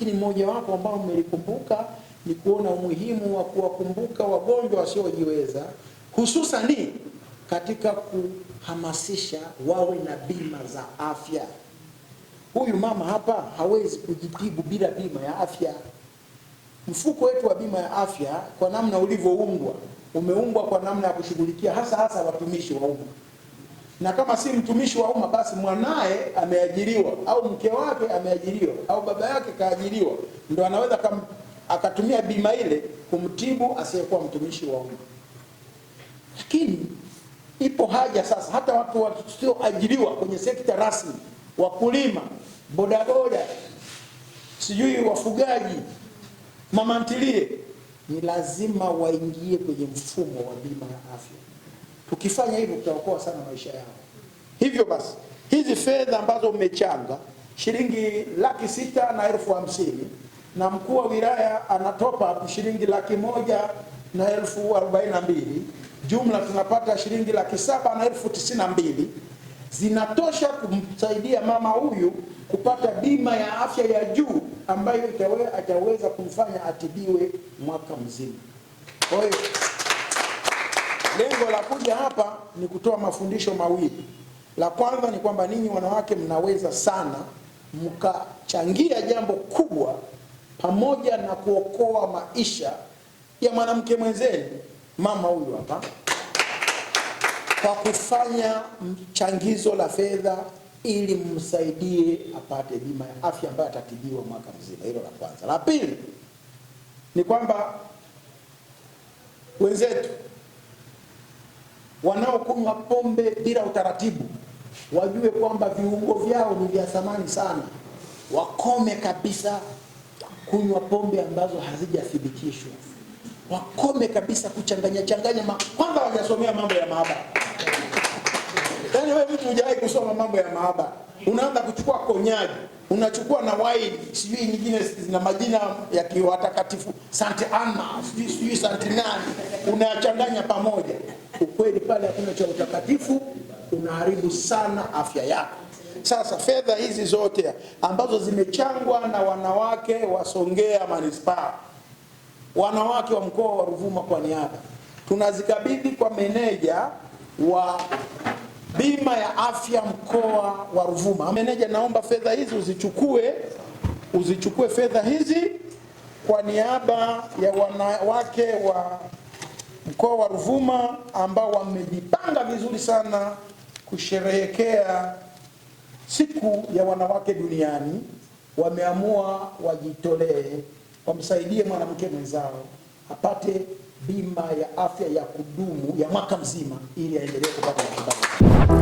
lakini mmojawapo ambao mmelikumbuka ni kuona umuhimu wa kuwakumbuka wagonjwa wasiojiweza, hususani katika kuhamasisha wawe na bima za afya. Huyu mama hapa hawezi kujitibu bila bima ya afya. Mfuko wetu wa bima ya afya kwa namna ulivyoundwa, umeungwa kwa namna ya kushughulikia hasa hasa watumishi wa umma na kama si mtumishi wa umma basi mwanaye ameajiriwa au mke wake ameajiriwa au baba yake kaajiriwa, ndo anaweza kam, akatumia bima ile kumtibu asiyekuwa mtumishi wa umma. Lakini ipo haja sasa hata watu wasioajiriwa kwenye sekta rasmi, wakulima, bodaboda, sijui wafugaji, mamantilie, ni lazima waingie kwenye mfumo wa bima ya afya. Tukifanya hivyo tutaokoa sana maisha yao. Hivyo basi hizi fedha ambazo mmechanga shilingi laki sita na elfu hamsini na mkuu wa wilaya anatopa up shilingi laki moja na elfu arobaini na mbili jumla tunapata shilingi laki saba na elfu tisini na mbili zinatosha kumsaidia mama huyu kupata bima ya afya ya juu ambayo itaweza kumfanya atibiwe mwaka mzima. Kwa hiyo Lengo la kuja hapa ni kutoa mafundisho mawili. La kwanza ni kwamba ninyi wanawake mnaweza sana mkachangia jambo kubwa pamoja na kuokoa maisha ya mwanamke mwenzenu, mama huyu hapa, kwa kufanya mchangizo la fedha ili msaidie apate bima ya afya ambayo atatibiwa mwaka mzima. Hilo la kwanza. La pili ni kwamba wenzetu wanaokunywa pombe bila utaratibu wajue kwamba viungo vyao ni vya thamani sana, wakome kabisa kunywa pombe ambazo hazijathibitishwa, wakome kabisa kuchanganya changanya. Kwanza wajasomea mambo ya maabara. Yaani wewe mtu hujawahi kusoma mambo ya maabara, unaanza kuchukua konyaji, unachukua na waini, sijui nyingine zina majina ya kiwatakatifu, Sante Anna sijui sijui Sante nani, unayachanganya pamoja ukweli pale hakuna cha utakatifu, unaharibu sana afya yako. Sasa fedha hizi zote ambazo zimechangwa na wanawake wa Songea manispaa, wanawake wa mkoa wa Ruvuma kwa niaba, tunazikabidhi kwa meneja wa bima ya afya mkoa wa Ruvuma. Meneja, naomba fedha hizi uzichukue, uzichukue fedha hizi kwa niaba ya wanawake wa mkoa wa Ruvuma ambao wamejipanga vizuri sana kusherehekea siku ya wanawake duniani, wameamua wajitolee, wamsaidie mwanamke mwenzao apate bima ya afya ya kudumu ya mwaka mzima ili aendelee kupata matibabu.